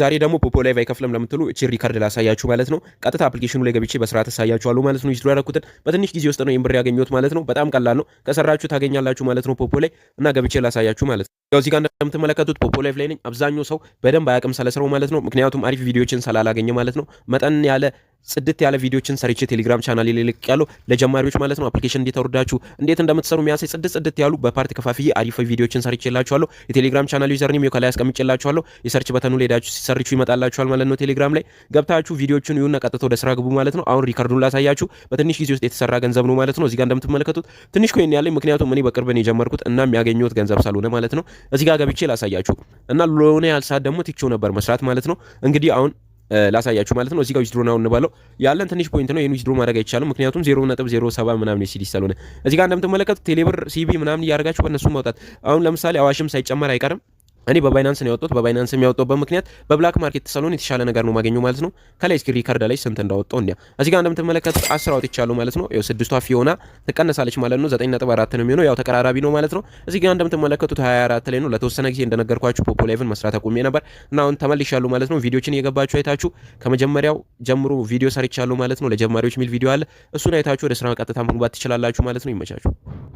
ዛሬ ደግሞ ፖፖ ላይቭ አይከፍልም ለምትሉ እቺ ሪካርድ ላሳያችሁ ማለት ነው። ቀጥታ አፕሊኬሽኑ ላይ ገብቼ በስርዓት አሳያችኋለሁ ማለት ነው። ዊዝድሮ ያደረኩትን በትንሽ ጊዜ ውስጥ ነው ይህን ብር ያገኘሁት ማለት ነው። በጣም ቀላል ነው። ከሰራችሁ ታገኛላችሁ ማለት ነው። ፖፖ ላይ እና ገብቼ ላሳያችሁ ማለት ነው። ያው እዚህ ጋር እንደምትመለከቱት ፖፖ ላይቭ ላይ ነኝ። አብዛኛው ሰው በደንብ አያውቅም ስለስራው ማለት ነው። ምክንያቱም አሪፍ ቪዲዮችን ስላላገኘ ማለት ነው። መጠን ያለ ጽድት ያለ ቪዲዮችን ሰርቼ ቴሌግራም ቻናል ላይ ያለው ለጀማሪዎች ማለት ነው። አፕሊኬሽን እንዴት አውርዳችሁ እንዴት እንደምትሰሩ የሚያሳይ ጽድት ጽድት ያሉ በፓርት ከፋፍዬ አሪፍ ቪዲዮችን ሰርቼላችኋለሁ። የቴሌግራም ቻናል ዩዘርኔም ከላይ አስቀምጬላችኋለሁ። የሰርች በተኑ ላይ ሄዳችሁ ሲሰርቹ ይመጣላችኋል ማለት ነው። ቴሌግራም ላይ ገብታችሁ ቪዲዮችን ይሁን ቀጥታ ወደ ስራ ግቡ ማለት ነው። አሁን ሪከርዱን ላሳያችሁ። በትንሽ ጊዜ ውስጥ የተሰራ ገንዘብ ነው ማለት ነው። እዚህ ጋር እንደምትመለከቱት ትንሽ ኮይን ያለኝ ምክንያቱም እኔ በቅርብ ነው የጀመርኩት እና የሚያገኘሁት ገንዘብ ሳልሆነ ማለት ነው። እዚህ ጋር ገብቼ ላሳያችሁ እና ለሆነ ያልሳት ደግሞ ትቼው ነበር መስራት ማለት ነው። እንግዲህ አሁን ላሳያችሁ ማለት ነው። እዚህ ጋር ዊዝድሮ እንባለው ያለን ትንሽ ፖይንት ነው። ይህን ዊዝድሮ ማድረግ አይቻልም፣ ምክንያቱም 0.07 ምናምን ሲዲ ስለሆነ እዚህ ጋር እንደምትመለከቱት ቴሌብር ሲቢ ምናምን እያደረጋችሁ በእነሱ ማውጣት አሁን ለምሳሌ አዋሽም ሳይጨመር አይቀርም እኔ በባይናንስ ነው ያወጣሁት። በባይናንስ የሚያወጣሁበት ምክንያት በብላክ ማርኬት ሳሎን የተሻለ ነገር ነው ማገኘው ማለት ነው። ከላይ እስክሪን ሪከርድ ላይ ስንት እንዳወጣው እንዲያ እዚህ ጋር እንደምትመለከቱት አስር አውጥቻለሁ ማለት ነው። ያው ስድስቷ ፊዮና ትቀነሳለች ማለት ነው። ዘጠኝ ነጥብ አራት ነው የሚሆነው ያው ተቀራራቢ ነው ማለት ነው። እዚህ ጋር እንደምትመለከቱት ሀያ አራት ላይ ነው። ለተወሰነ ጊዜ እንደነገርኳችሁ ፖፖ ላይቭን መስራት አቁሜ ነበር እና አሁን ተመልሻለሁ ማለት ነው። ቪዲዮችን እየገባችሁ አይታችሁ ከመጀመሪያው ጀምሮ ቪዲዮ ሰርቻለሁ ማለት ነው። ለጀማሪዎች የሚል ቪዲዮ አለ። እሱን አይታችሁ ወደ ስራ ቀጥታ መግባት ትችላላችሁ ማለት ነው። ይመቻችሁ።